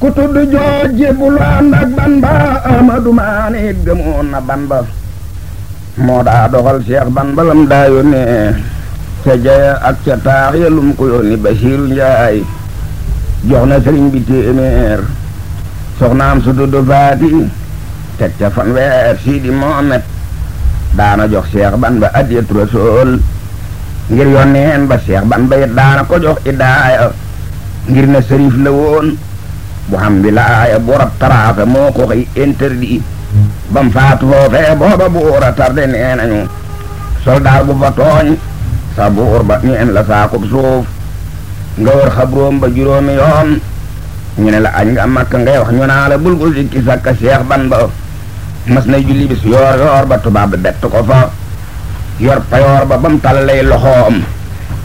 ku tudd jooj jébbuloon ak Bamba Amadu Maane gëmoon na Bamba moo daa doxal Cheikh Bamba lam daa yónnee ca jaya ak ca taax ya lum ko yónni Basiiru jox na sëriñ bi téeméer soxnaam su tudd Faati teg ca fanweer Sidi Mohamed daana jox Cheikh Bamba adiyatu Rasuul ngir yónneen ba Cheikh Bamba it daana ko jox idaaya ngir na sërif la bu xam bi laaya buurab taraata moo ko koy interdit bam faatu foofee booba buura tarde nee soldaar bu fa tooñ sa buur ba ñeen la saakub suuf nga wër xabroom ba juróomi yoon la añ nga makk ngay wax bul ko sikki sakka Cheikh ban ba mas nay julli yoor yoor ba tubaab bi bett fa yor payoor ba bam tallay loxoom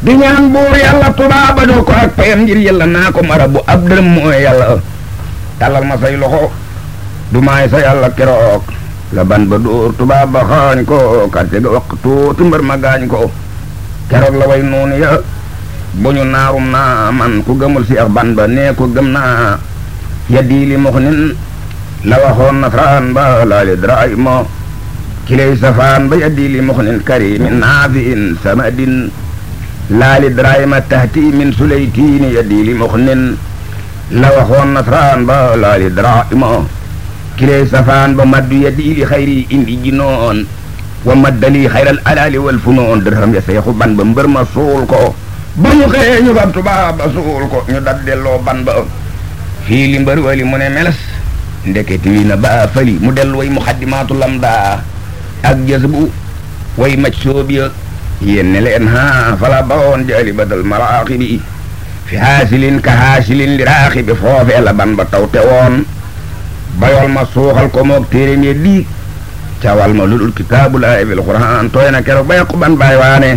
di ñaan buur yàlla tubaaba doo ko ak payam ngir yàlla naa ko mara bu ab dërëm mooy yàlla tàllal ma say loxo du maay say àll keroog la ban ba dóor tubaab ba xaañ ko karte ga wax tuuti mbër ma gaañ ko keroog la way noonu ya naarum naa man ku gëmul si ak ban ba nee ko gëm naa ya diili mox nin la waxoon nasraan ba laali daraay mo kiley safaan ba ya diili mox nin karimin naafiin samadin laali daraay ma tahti min suleytiini ya diili mox nin la waxoon nasraan ba laali dara imo kiley safaan ba maddu yeddi xayri indi jinoon wa maddali xayral alaali wal funoon dërëm ya seexu ban ba mbër ma suul ko ba ñu xëyee ñu fab tubaab ba ñu dab delloo ban ba fii li mu ne meles ndeketi wi na ba mu dellu way muxaddimaatu lamda ak jës bu way maj soobiya ne leen ha fala bawoon jaali badal maraaxibi fi haasilin ka haasilin li raaxibi foofee la ban ba taw te woon bayol ma suuxal ko moog téeréem ya di cawal ma lu dul kitaabul aabil quraan tooy na keroog ba yàqu ban baay waane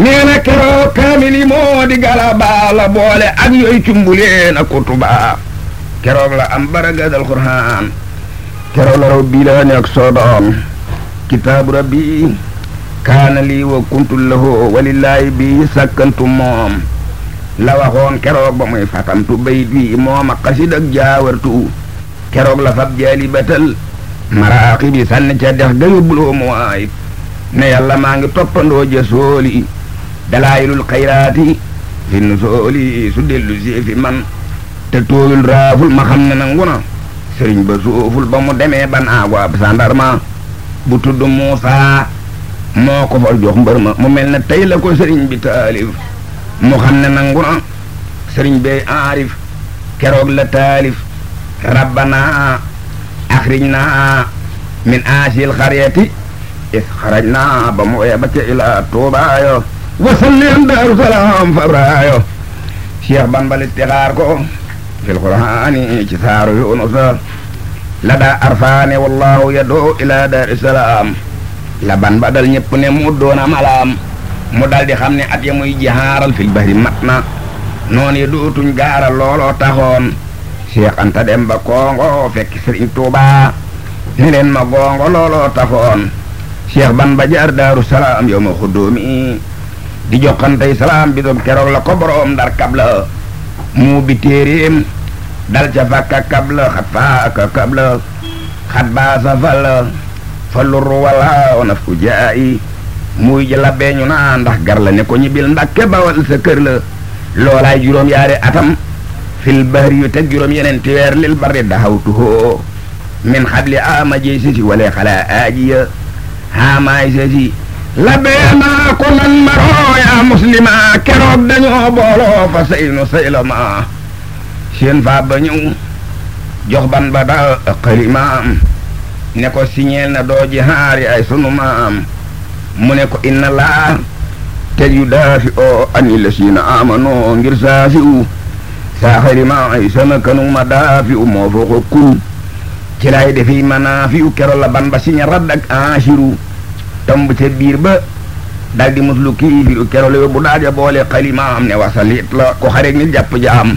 nee na keroog kaamil yi moo di boole ak yooyu cumbuleen ak kutubaa la am baragadal quraan keroog la raw soodoon kitaabu rabbi kaana lii wa kuntu lahu walillaahi bi sàkkantu moom la waxoon keroog ba muy fatamtu bayit wi mooma xasid ak jaawartu keroog la fab jaali batal maraaqi bi sànni ca dex gayóbbuloo muwaayit ne yàlla maa ngi toppandoo ja sooli dalaayilul xayraati fi nu sooli su dellu seefi man te tooyul raaful ma xam ne nangu na sëriñ ba suuful ba mu demee ban aago ab sandarma bu tudd Muusaa moo ko fa jox mbër ma mu mel ne tey la ko sëriñ bi taalif mu xam ne nangu na sëriñ bey aarif keroog la taalif rabbana axrijna min aasil xaryati is xarajna ba mu eeba ca ila tuubaayo wasalleen daaru salaam fabraayo cheikh bambalit tixaar ko fil qur'aani ci saaru yunusa la daa arfaani wallahu yadoo ila daari salaam la ban ba dal ne mu doona malaam mu dal di xam ne at ya muy jaaral fil bahri mat na noonu dootuñ looloo taxoon Cheikh Anta dem ba Kongo fekk Serigne leen ma gongo looloo taxoon Cheikh ban ba jaar Daaru yow ma xuddoomi di joxantey salaam bi keroog la ko boroom kabla mu bi téeréem dal kabla xat faaka kabla xat baasa fal fallu ruwala wa naf ku jaayi muy ji la beeñu naa ndax gar la ne ko ñibbil Mbàkke bawal sa kër la loolaay juróom yaari atam fil bahri yu juróom yeneen ti weer lil barri daxawtuhoo min xabli ama jey sisi wala xala aajiya haamaay sisi la beenaa ko nan maroo yaa muslima keroog dañoo booloo fa saynu saylama seen fa ba ñëw jox ban ba da xalimaam ne ko siñeel na doo haari ay sunu maam mu ne ko inna laa te yu daafi oo ani lasiina amanoo ngir saafi u saa xëri ma ay sama kanu ma daafi u moo foo ko kun ci laay defi manaafi u kero la ban ba siña radd ak ansiru tomb ca ba dal di muslu kiifiru la yóbbu daal ja boole xalimaam ne wasalit la ko xarek ni jaam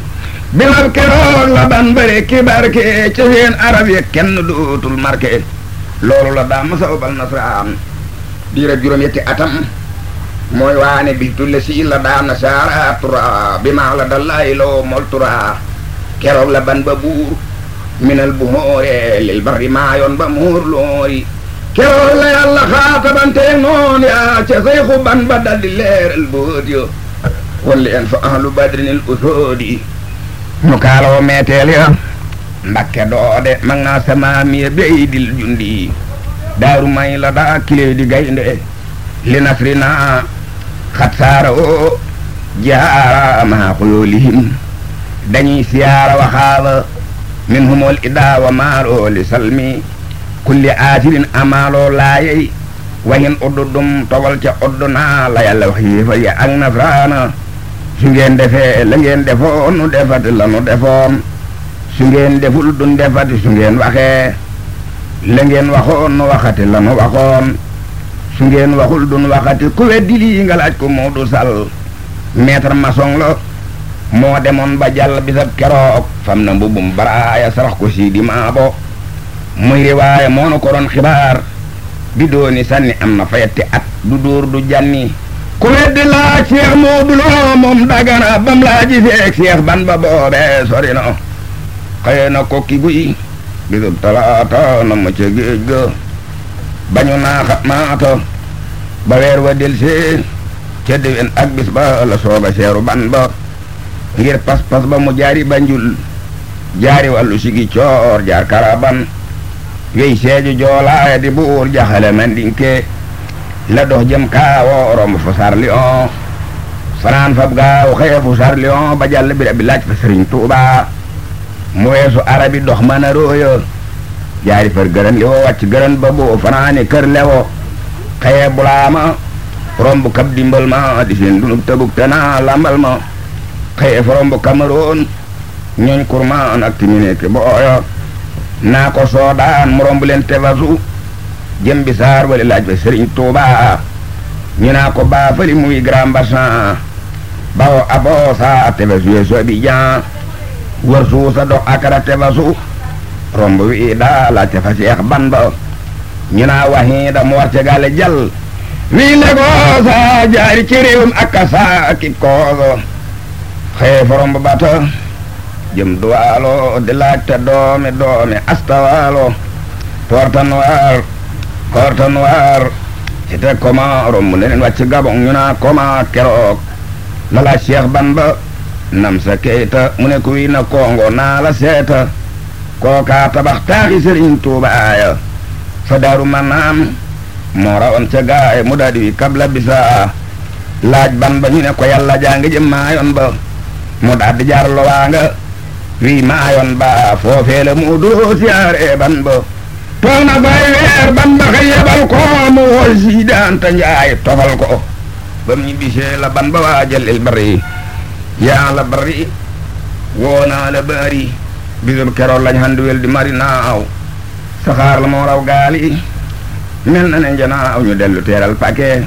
bilal keroog la ban bare ki barke ca seen arab ya kenn dootul marke loolu la daa masa obal nasraam diirab juróom-yetti atam mooy waane bi tulle si daana saara tura bi maa la dallaay loo mol tura keroog la ban buur minal bu moore lil bari maa yoon ba muur loori keroog la yàlla xaatabanteeg noon yaa ca sayxu ban ba daldi leeral boot yo wala en fa ahlu badrinil usoodi mu kaaloo meeteel ya mbakke doode ma ngaa sama miya bey dil jundi daaru may la daa kilee di gaynde li nasri naa xat saara oo jaara maa xuyoolihim dañuy siyaara waxaaba min humol idaawa maaroo li salmi kulli aasirin amaaloo laayey wahin oddu dum togol ca oddu naa la yàlla wax yéefa ya ak nasraana su defee la ngeen defoon nu defati la nu defoon su deful dun defati su ngeen waxee la ngeen waxoon nu waxati la nu waxoon su ngeen waxul dun waxati ku weddi lii nga laaj ko Moodu Sall maître maçon la moo demoon ba jàll bisab keroog fam na mbubum baraaya sarax ko sii di muy riwaaye moo nu ko xibaar bi dooni sànni am na fayetti at du dóor du jànni ku weddi laaj Seex Moodu Lo Seex ban ba boobe sori na na kokki guy bisub talaata na ma ca géej ga bañu naa xamaata ba weer wa delsi ca déwén ak bis ba la sooga seeru ban ba ngir pas-pas ba mu jaari banjul jaari wàllu sigi coor jaar karaban wey seeju joolaaya di buur jaxale man dinke la dox jëm kaawoo romb fa sarlion fanaan fab gaaw xëye fu sarlion ba jàll bi bi laaj fa sëriñ tuubaa mu weesu arabi dox mën a róoyo jaari far gërën li woo wàcc gërën ba boo fanaane kër lewo xëye bulaama romb kab dimbal di seen tëbuk te naa lambal ma fa romb Cameroun ñooñ kurmaan ak timi booyo naa ko soodaan mu romb leen tefasu jëm bi saar wala laaj fa sëriñ Tuuba ñu naa ko baafali muy grand bassin bawo aboo saa tefasu yee soo bi jaan wër suusa dox akara tefa su romb wi daa la tefa Seex Bamba ñu naa waxii mu war ca gaale wii ne goosa jaari ci réewum akka saakib kooso xee forom ba bata jëm duwaalo di laajte doomi doomi astawaalo porta noir porta noir ite koma romb ne leen gabon ñu naa koma keroog la la Seex Bamba namsa keyta mu ne kuy na kongo naa la seeta kookaa tabax taaxi sëriñ tuuba aaya fa daaru manaan moo rawoon ca mu daal di wi kabla bisaa laaj ban ba ñu ne ko yàlla jaa ngi jëm ba mu daal di jaar lowaa nga wii maayoon ba foofee la mu doo siyaaree ban ba toog fay weer ban ba xëy yebal ko mu wol si njaay tofal ko ba mu ñibbisee la ban ba waa jëlil bari yaa la bari woo naa la baari bisub keroog lañ handuwel di mari naaw saxaar la moo gaali mel na ne njanaaw ñu dellu teeral pake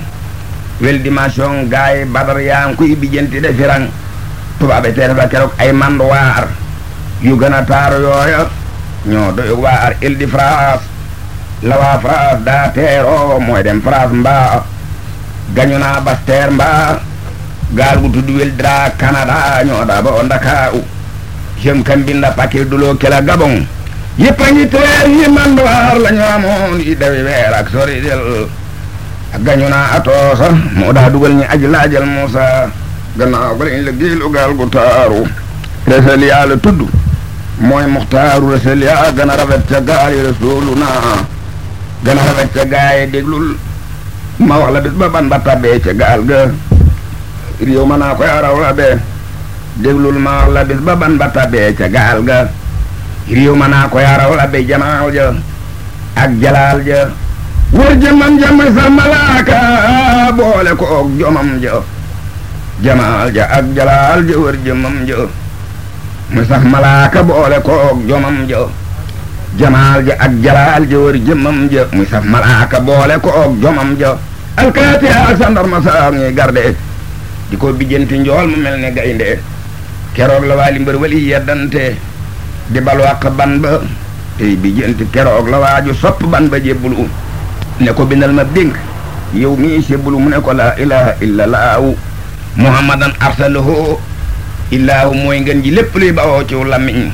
wel di mason gaay badar yaan kuy bijjanti de firang tubaabe teere fa keroog ay manduwaar yu gën taaru yooya ñoo doyu waar il di la waa France daa teeroo mooy dem France mbaa gañu naa basteer mbaa gaal gu tudd Wildra Canada ñooɗa ba o Ndakaaru jëm kam binda pakir duloo kela Gabon yëppa ngi teer yi mandowaar la ñu amoon yi dawi weer ak sori del a gañu naa a toosa moo daa dugal ñi aji laajal Muusa gannaaw ko lañ la géelu gaal gu taaru resel yaa la tudd mooy muxtaaru resel yaa gën a ca gaal yi rasuulu naa gën a ca gaay déglul ma wax la bis ban ba tabbee ca gaal ga ngir yow mën naa koy araw la be déglul ma la bis ba ban ba tabee ca gaal ga ngir yow naa koy araw la be jamaal ja ak jalaal ja wër jëmam ja muy sa malaaka boole ko jomam ja jamaal ja ak jalaal ja wër jëmam ja muy sax malaaka boole ko jomam ja jamaal ja ak jalaal ja wër jëmmam ja muy saf malaaka boole ko jomam ja alkaati ak sandarma saa ngi garde di ko bijjanti njool mu mel ne gaynde keroog la waali mbër wali yeddante di balwaq ban ba tey bijjanti keroog la waaju sopp ban ba jébbulu ne ko bindal ma dénk yow mii sébbulu mu ne ko laa ilaha illa laahu muhammadan arsalahu illaahu mooy ngeen ji lépp luy bawoo ciw lammiñ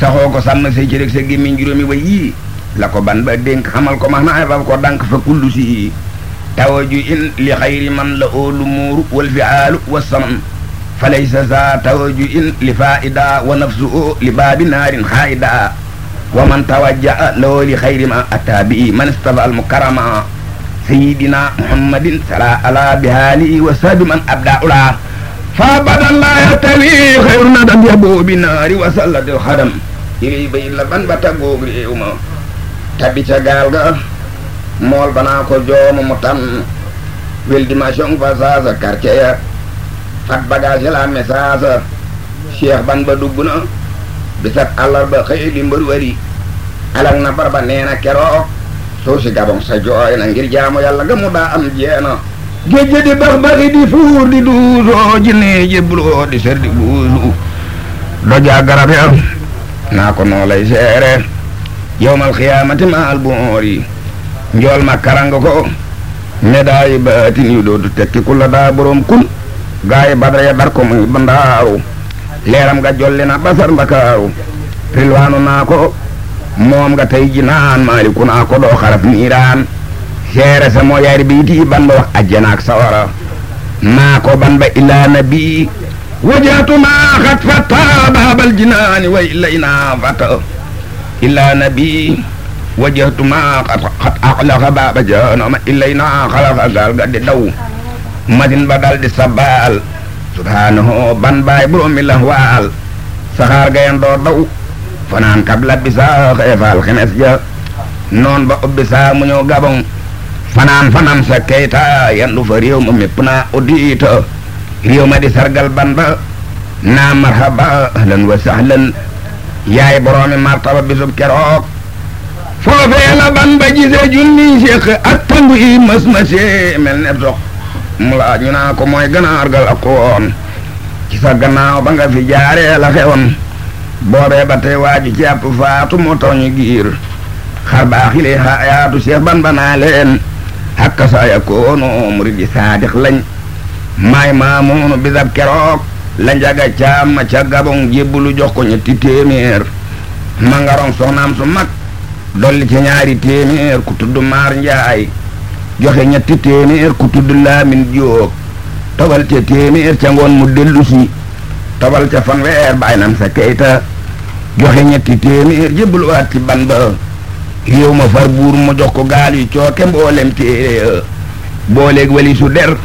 saxoo ko sàmm say cërég sa gémmiñ juróomi way yii la ko ban ba dénk xamal ko max naay faf ko dànk fa kullu si tawajuhin li xayri man la óolu muuru wal fiaalu wa saman fa laysa za tawajuhin li faida wa nafsu o baabi naarin xaayida wa man tawajjaa loo li xayri ma ataa bi man abda ulaa fa badan laa yastawi xayru nadan yaboo bi naari wa sallatil xadam ilay bay la ban ba taggoog réew ma tabi ca gaal ga mool banaa ko jooma mu tan weldimasion fa saasa quartier fat bagage la me saasa cheikh ban ba dugg na bisab àllarba xëy li mbër wari alak na bar ba nee keroog suuf si sa jooy na ngir jaamu yàlla ga mu daa am jeena géej di bax baxi di fuur di duusoo jinne jébloo di ser di buusu dojaa garab ya naa ko noo seere yowmal xiyaamati maal boor yi njool ma karang ko ne daayi baatin yu dootu tekki ku daa boroom kun gaayi badara ya dar muy bandaaru leeram nga jolli na basar ndakaaru rilwaanu naa ko moom nga tey ji naan maaliku naa ko doo xaraf niiraan seere sa moo yaari biiti ban ba wax ajjana ak sawara maa ko ban ba ilaa nabi wajaatu maa xat fata baabal jinaani wa ilayna fata ilaa nabi wajjahtu maa xat axlaxa baaba jaanoma illay naa gaal ga daw masin ba dal di sabaal subhaanahu ban baay la waal saxaar gayen doo daw fanaan kab la bisaa ja noon ba ubbi mu ñëw gabon fanaan fanam sa yandu fa réew ma mépp naa audiita réew di sargal ban ba naa marhaba ahlan wa sahlan yaay boroomi martaba bisub keroog foofee la ban ba gisee junni seex ak tangu yi mas na mel ne dox mu laaj ñu ko mooy ganaar gal ak woon ci sa gannaaw ba nga fi jaaree la xewoon boobee ba tey waaju ci àpp faatu moo taw ñu giir xar baa xilee xaayaatu ban ba naa leen hakka saaya koonu muridi saadix lañ maay maamuunu bisab keroog la njaga caam ma ca gabon jébbu jox ko ñetti téeméer ma nga ron soxnaam su mag dolli ci ñaari téeméer ku tudd maar njaay joxe ñetti téeméer ku tudd laamin jóob tobal ca téeméer ca ngoon mu dellusi si tobal ca fanweer bàyyi nam sa kayta joxe ñetti téeméer jébbaluwaat ci ban ba yow ma far buur mu jox ko gaal yu cooke mboolem téere ya booleeg wali su der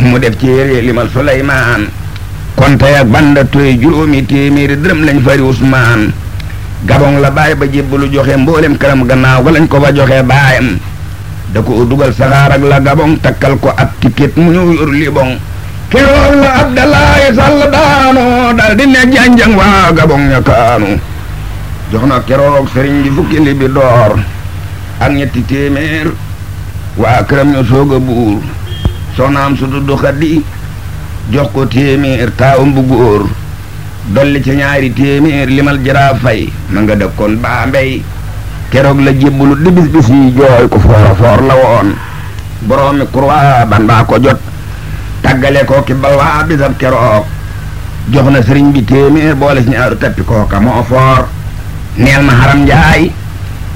mu def téere limal Suleymaan konte ak banda toy juróomi téeméeri dërëm lañ fari Usmaan gabon la bàyyi ba jébbalu joxe mboolem këram gannaaw ga ko fa joxe baayam da ko dugal saxaar la gabon takkal ko ab ticket mu ñëw yor libon keroog la Abdalaay Sall daanu dal ne janjang waa gabon ña kaanu jox na keroog sëriñ bi fukki li door ak ñetti téeméer waa këram ñu soog a buur soxnaam su tudd Xadi jox ko téeméer taawam bu góor dolli ca ñaari téeméer limal jaraa fay ma nga dëkkoon baa mbey keroog la jébbalu di bis bis yi ko foora foor la woon boroomi kurwaa ban ko jot tàggale ko ki balwaa bisab keroog jox na sëriñ bi téeméer boole si ñaaru tappi kooka moo foor neel ma xaram njaay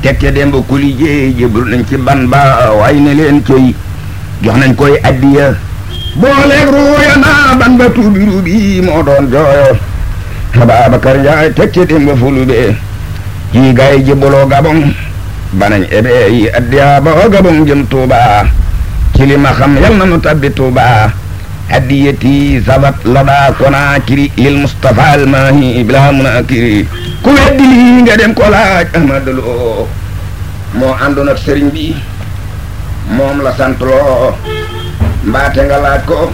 teg ca démb kuli jéey jébbalu nañ ci ban ba leen cëy jox nañ koy addiya booleeg ruuya naa ban tuubi ruubi moo doon jooyo Ababacar Ndiaye teg ci dimba fulube yi gaay jébbaloo Gabon banañ ebe yi addiya o Gabon jëm Tuuba ci li ma xam yal na nu tabbi Tuuba addiyati sabat lada Konaakiri lil Mustafa al maahi bila munaakiri ku weddi lii nga dem ko laaj Ahmadu Lo moo àndoon ak sëriñ bi moom la sant loo mbaate nga laaj ko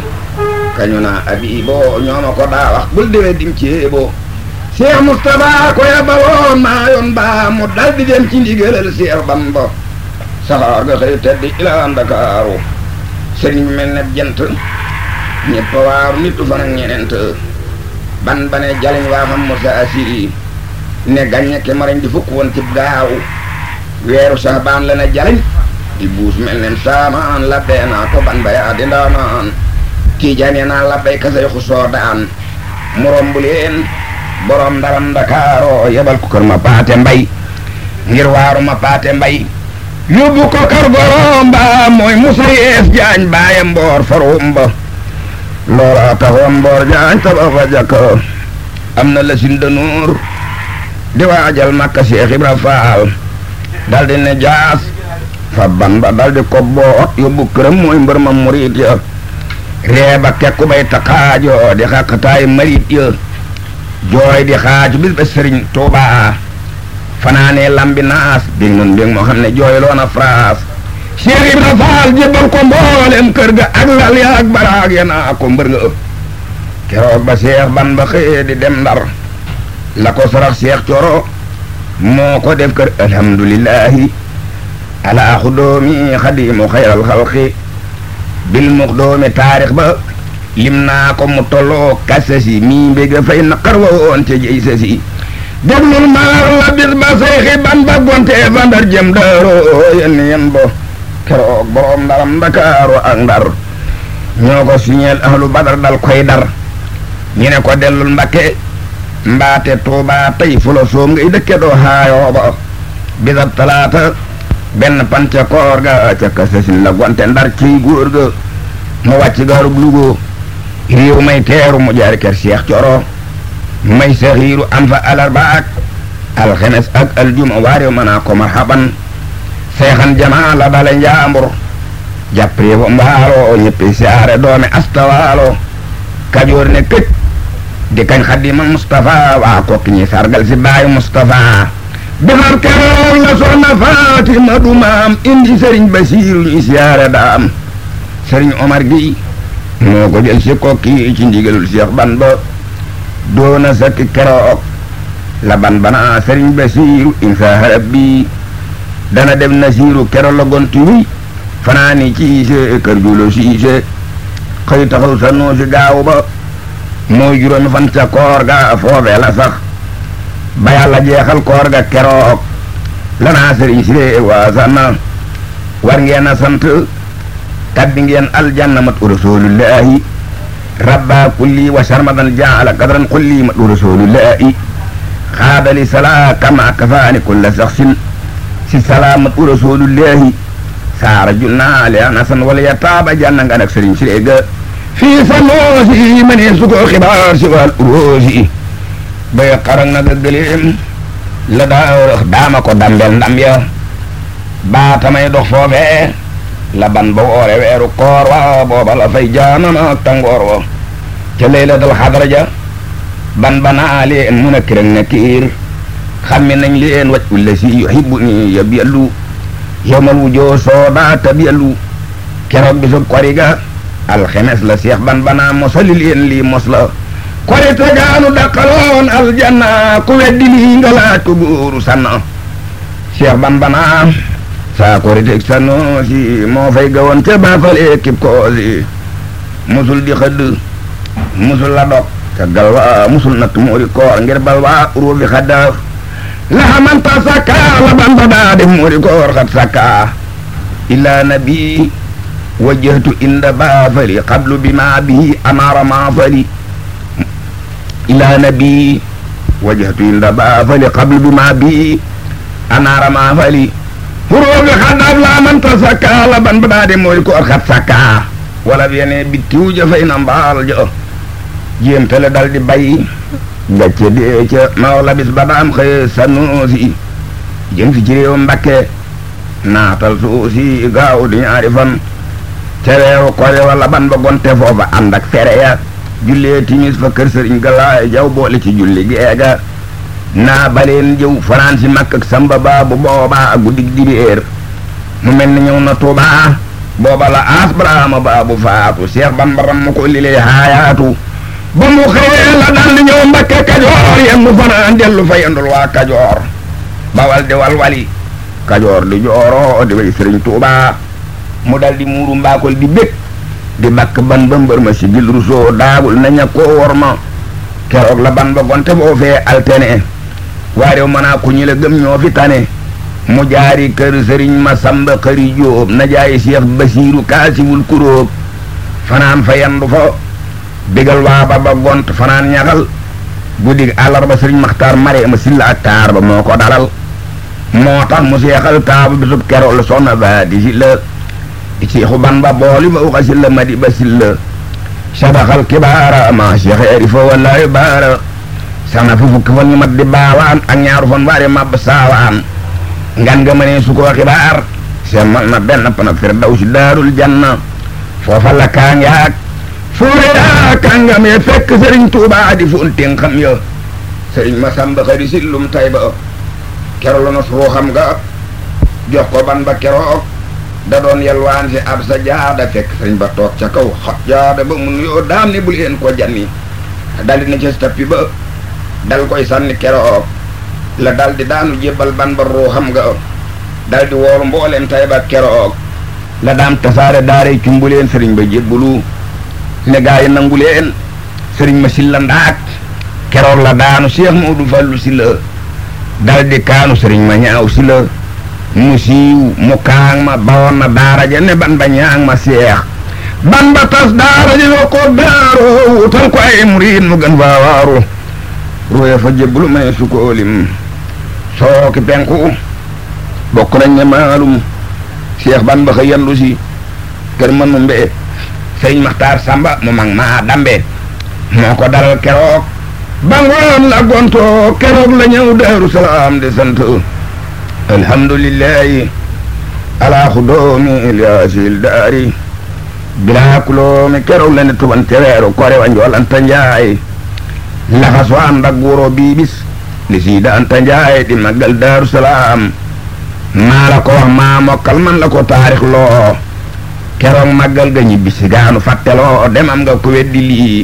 kañuna abi bo ñooma ko ɗa wax ɓul diwe dim ci bo Cheikh ko yaba woon maa yoon ba mu dal di dem ci ndigalal Cheikh Bamba saxaar ga xëy tedd ilaa Ndakaaru sëriñ mel ne jant ñëpp ban bane jaliñ waa xam Moussa Assiri ne gàññe ke mariñ di fukk woon cib gaaw weeru sax baan la ne jaliñ di buus mel ne saamaan la beenaa ko ban bayaa di ndaanaan kiijaan ya naan labbayka sayxu yebal ko kër ma paate mbay ngir waaru ma paate mbay yóbbu ko kër borom ba mooy musa yees jaañ baaye mboor farum ba loola taxoon mboor jaañ tabaxa jàkk am na lasin danuur di waajal makka Seex Ibra Faal daldi ne jaas fa ban ba daldi ko boot yóbbu këram mooy mbër ma murit ya reeba kekku bay taqaajoo di xaqtaay marit ya jooy di xaaju bis sëriñ Tuubaa fanaanee lambi naas bég nun bég moo ne jooy loona fraas Cheikh Ibra Faal jébbal ko mboolem ga ak lal baraag ya naa nga ëpp keroog ba Cheikh ban ba xëyee dem Ndar la ko sarax Cheikh Coro moo ko def alhamdulillahi ala xadimu xayral xalqi bil mux taarix ba lim naa ko mu tolloo kase si mii mbéga fay naqar wa woon ca jëy sa si déglul maar la bis ba seyxi ban ba gontee fa ndar jëm yen yen bo keroog boroom ndaram ndakaaru ak ndar ñoo ko suñeel ahlu badar dal koy dar ñu ne ko dellul mbakke mbaate tuubaa tey fu la soom ngay doo haayoo ba talaata benn pan ca koor ga ca kasasin la gonte ndar ciy góor ga mu wàcc gaarub lugo réew may teeru mu jaari ker seex coro mu may saxiiru am fa alarba ak alxemes ak aljuma waarew mënaa ko marhaban seexan jamaa la dale njaambur jàppee fo mbaalo ñëppi saare doome astawaalo kajoor ne këj di kañ xadima Mustafa waa kokki ñi sargal si baayu Mustafa bifar kero soxna Fatima du maam indi Serigne Basiiru ñuy siyaare daam Serigne Omar gi moo ko jël si kokki ci ndigalul Seex doona sakki keroog la ban bana Serigne Basiiru insa harab dana dem na siiru la gonti wuy fanaani ciise kër julo siise xëy taxaw gaaw ba mooy juróomi fan koor ga foofee la sax ba yàlla jeexal koor ga keroog lanaa sëriñ si war ngeen sant tabbi ngeen aljanna mat u rasulullahi rabba kulli wa sharmadan jaala kadran kulli mat u rasulullahi xaadali salaa kama kafaani kulla saxsin si salaa u rasulullahi saara junna li anasan wala ya taaba janna nga nag sëriñ si ga fii sanoosi ma ne su ko xibaar si bay xarang na ga la daa daama ko dambel ndam ya baatamay dox foofee la ban ba weeru koor booba la fay jaanama ak tàngoor wa ca laylatul xadra ja ban banaa leen mun a kirag na kiir nañ leen waj ulle si yuhibbu ni ya biyallu yowmal wujoo soodaa ta biyallu keroog bisu koriga alxemes la seex ban banaa mosali leen lii mos korite gaanu daqaloon aljanna ku weddi lii nga laaj ko buuru sanna Cheikh Bamba naa saa koriteeg sanoosi moo fay gawoon ca koosi musul di xëdd musul la dog ca galwa musul natt muuri koor ngir balwa ruubi xaddaaf la xamanta sakka la Bamba daa muuri koor xat sakka illaa nabi wajjahtu inda baafali qablu bi maa bii amaara maafali ilaa nabi wajhatu il naba fali qabl bi ma bi anaara ma fali huroo xaddaab laa manta sakka la ban badaa de moori ko xat sakka wala biyene bittiw ja fay na mbaal jo tele dal bay nga ca dee ca maw labis ba daam xëye si ci réew Mbakke naatal suusi gaaw di ñaari fan ca weeru kore ban ba gonte foofa ànd ak jullee timis fa kër sëriñ Galaay Jaw boole ci julli geega naa baleen jëw fanaan si samba ba bu boobaa dibeer mu mel ni ñëw na Tuubaa booba la asbrahama ba faatu Seex Bamba ram ko lilee haayaatu ba mu xëyee la dal di ñëw Mbakke Kajoor yendu fanaan dellu fa yendul waa Kajoor bawal di walwali Kajoor di jooro di way sëriñ Tuubaa mu dal di muuru mbaakol di di bakk ban ba ma sigil rusoo daabul naña ko wor ma keroog la ban ba gonte boo fee altene waa réew manaa ku gëm ñoo fi tane mu jaari kër sëriñ ma samba xëri jóob na jaay seex basiiru kaasiwul kuróob fanaan fa yandu fa bigal waa ba ba gont fanaan ñaxal guddig àllarba sëriñ maxtaar mare ma silla ak taar ba moo ko dalal moo tax mu seexal taabu bisub keroog la soxna di si Cheikhu Bamba booli ma uqa silla madi ba silla sadaqal kibaara ma cheikh erifo wallaahi baara sana fu fukki fan yu mat di baawaan ak ñaaru fan waare mab saawaan ngan nga ma ne su ko xibaar semmal na benn pana firdaw si daarul janna foofa la kaang yaak fuureyaa kàngam ya fekk sëriñ Tuubaa di funtin xam ya sëriñ Masamba xëri sillum tay ba kero la nos ruuxam nga jox ko ban ba keroog da doon yalwaan si ab sa jaada fekk sëriñ ba toog ca kaw xot jaada ba mun yoo daam ne bul leen ko janni dali na ca tappi ba dal koy sànni keroog la daldi daanu jébbal ban ba ruuxam nga dal di woor mbooleem tay ba keroog la daam tasaare daaree cumbu leen ba jébbalu ne gaa yi nangu ma silla ndaak keroog la daanu Cheikh Modou Fallou si la dal kaanu sëriñ ma ñaaw si mu siiw mu kaang ma bawoon na ne ban ba ñaang ma seex ban ba tas daara ja yoo ko ko ay muriid mu gën faa waaru ruya fa jébbalu may su ko sooki penku bokk nañ ne maalum seex ban ba xëy yandu si kër mënu mbee maxtaar samba mu mag maa dambe moo ko dalal keroog ba ngoon la gontoo keroog la ñëw daaru de sant الحمد لله على خدومي الياسي الداري بلا كلومي كرو لن تبنتيرو كوري وانجول انت نجاي لخصو عن بقورو بيبس لسيد انت نجاي دي مقل دار سلام maa la ko wax maa mokkal man la ko taarix loo keroog màggal ga ñibbi si gaanu fàtteloo dem am nga ko weddi lii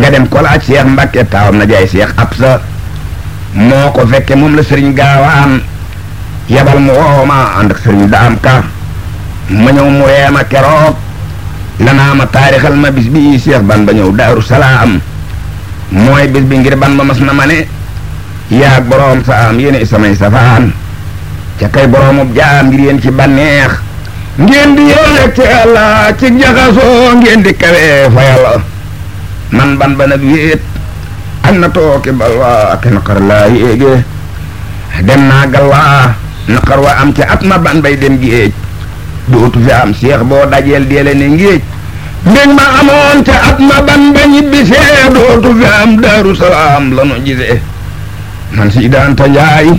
nga dem ko laaj seex mbàkke taawam na jaay seex ab moo ko fekke moom la sëriñ gaawaan yabal mu woo ma ànd ak sëriñ daam ka ma ñëw mu reema keroog lanaa ma taarixal ma bis bi Seex Bamba ñëw daaru salaam mooy bis bi ngir Bamba mas na ma yaag boroom sa am yéen samay safaan ca kay boroomub jaam ngir yéen ci bànneex ngeen di yéeg ci yàlla ci jaxasoo ngeen di kawe fa yàlla man ban ba nag wéet na tooke balwa ak naqar laa yéege dem naa galwaa naqar wa am ca at ma ban bay dem géej dootu fi am seex boo dajeel deele ne ngéej mbég ma amoon ca at ma ban ba ñibbisee dootu fi am daaru la nu gisee man si daanta njaay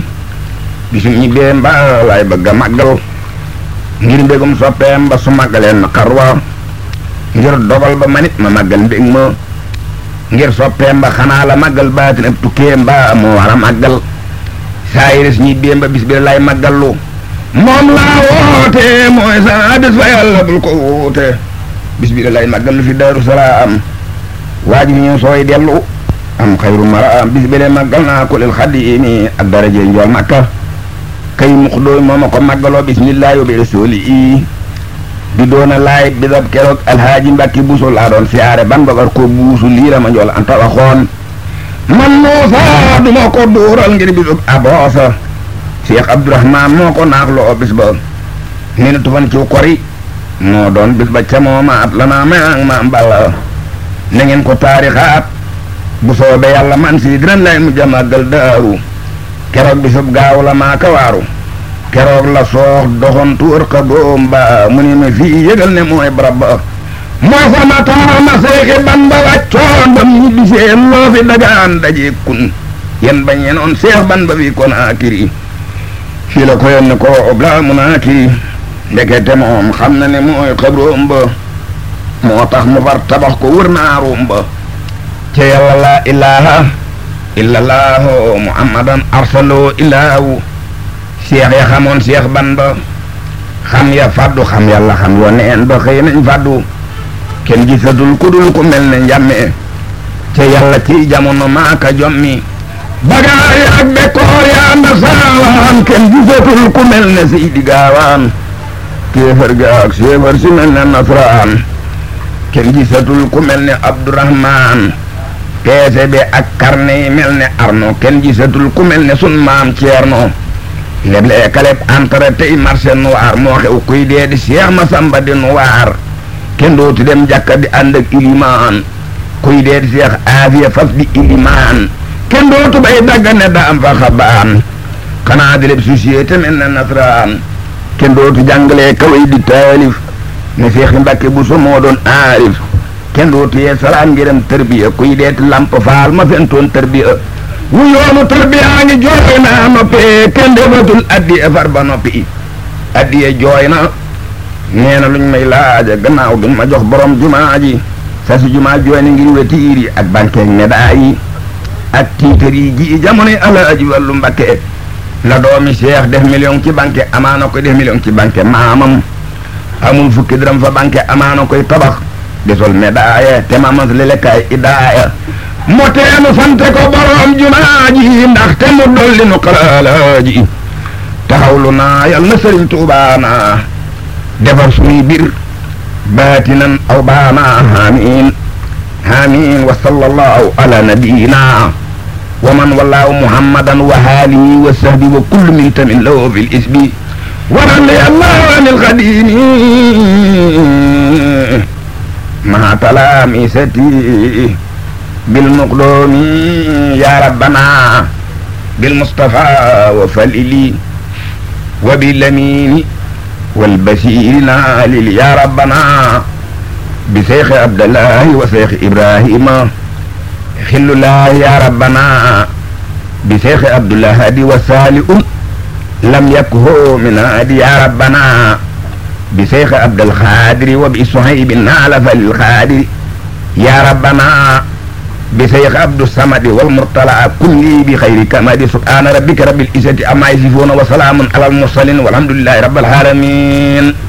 bisum ñibbee mbaa laay bëgg a màggal ngir mbégum soppeem ba su màggalee naqar wa ngir dogal ba manit ma màggal mbég ma ngir soppeem ba xanaa la màggal baatin ab tukkeem ba moo war a saa iris ñi démba bis bi lay màggallu moom laa woote mooy saa bis fa yàlla bul ko lay màggallu fi daaru salaam waaj wi ñu sooy dellu am xayru mara am bis bi de màggal naa ko lil xadimi ak daraje njool màkka kay mux dooy moo ma ko màggaloo bismillaahi bi rasuuli ii di doona laay bi dab keroog alxaaji mbàkki buusu laa doon siyaare ban babar ko buusu liira ma njool anta waxoon buusa du ma ko duural ngir bisub moo ko naaxloo bis ba ni na tufan ciw kori moo doon bis ca mooma at la naa meang maam balla na ko taarixaat bu soobe yàlla man si lay mu jamagal daaru keroog bisub gaaw la maa kawaaru keroog la soox doxantu ër ka góom mu ne ma fii yëgal ne mooy barab ba moo sama tooma seexi Bamba wàccoon ba mu ñibbisee loo fi dagaan daje yen ba ñeenoon seex Bamba bi Konaakiri fii la ko yenn ko obla Munaakiri ndekete moom xam na ne mooy xabroom ba moo tax mu far tabax ko wër naarum ba ca yàlla laa ilaaha illallahu muhammadan arsaloo ilaahu seex ya xamoon seex Bamba xam ya faddu xam yàlla xam yoo neen ba xëy nañ kenn gisatul ku dul ku mel ne njàmmee ca yàlla ci jamono maaka jommi bagaay ak bekkoor yaa nda kenn gisatul ku mel ne Seydi Gaawaan kéefar ga ak séefar si mel ne nasraan kenn gisatul ku mel ne Abdurahmaan peese bi ak karne mel ne arno kenn gisatul ku mel ne sun maam Ceerno leble kaleb entre tey marché noir moo xew kuy dee di Seex di noir kenn dootu dem jàkka di ànd ak ilimaan kuy dee seex aafiya faf ilimaan kenn dootu bay dagga ne da fa xabaan xanaa di leb nasraan kenn dootu jàngalee kaway taalif ne seexi mbàkke bu so moo doon aarif kenn dootu yee salaam ngiram tarbiya kuy deeti lamp faal ma fentoon tarbiya wu yoonu tarbiya ngi jooy naa noppi kenn defatul addiya far ba noppi addiya jooy na nee na luñ may laaja gannaaw duñ jox borom jumaa ji sa si jumaa jooni ngir ak bankeeg medaa yi ak tiitar yi jamonoy alaaji wàllu mbakke la doomi cheikh def million ci banque amaana koy def million ci banque maamam amul fukki dërëm fa banque amaana koy tabax desol médaille te mamas li lekkaay idaaya mu teenu sante ko borom jumaa ndax te dolli nu xalaalaaji taxawlu naa na sëriñ tuubaa defar suñuy bir baatinan aw baana hamiin hamiin wa sallallahu ala nabiyina wa man wallahu muhammadan wa haalihi wa sahbi wa kullu min tamin lahu fi lisbi ورضي الله عن القديم مع تلامستي بالمقدوم يا ربنا بالمصطفى وفليلي وبالأمين والبشير ليل يا ربنا بشيخ عبد الله وشيخ إبراهيم خل الله يا ربنا بشيخ عبد الله هادي وسالئ لم يكه من هادي يا ربنا بشيخ عبد الخادر وبصهيب نال فالخادر يا ربنا bi Seex Abdu Samadi wal murtalaa kulli bi xayri kamadi subhaana rabbika rabbil izzati amma yasifuuna wa salaamun alal mursaliin walhamdulillahi rabbil aalamiin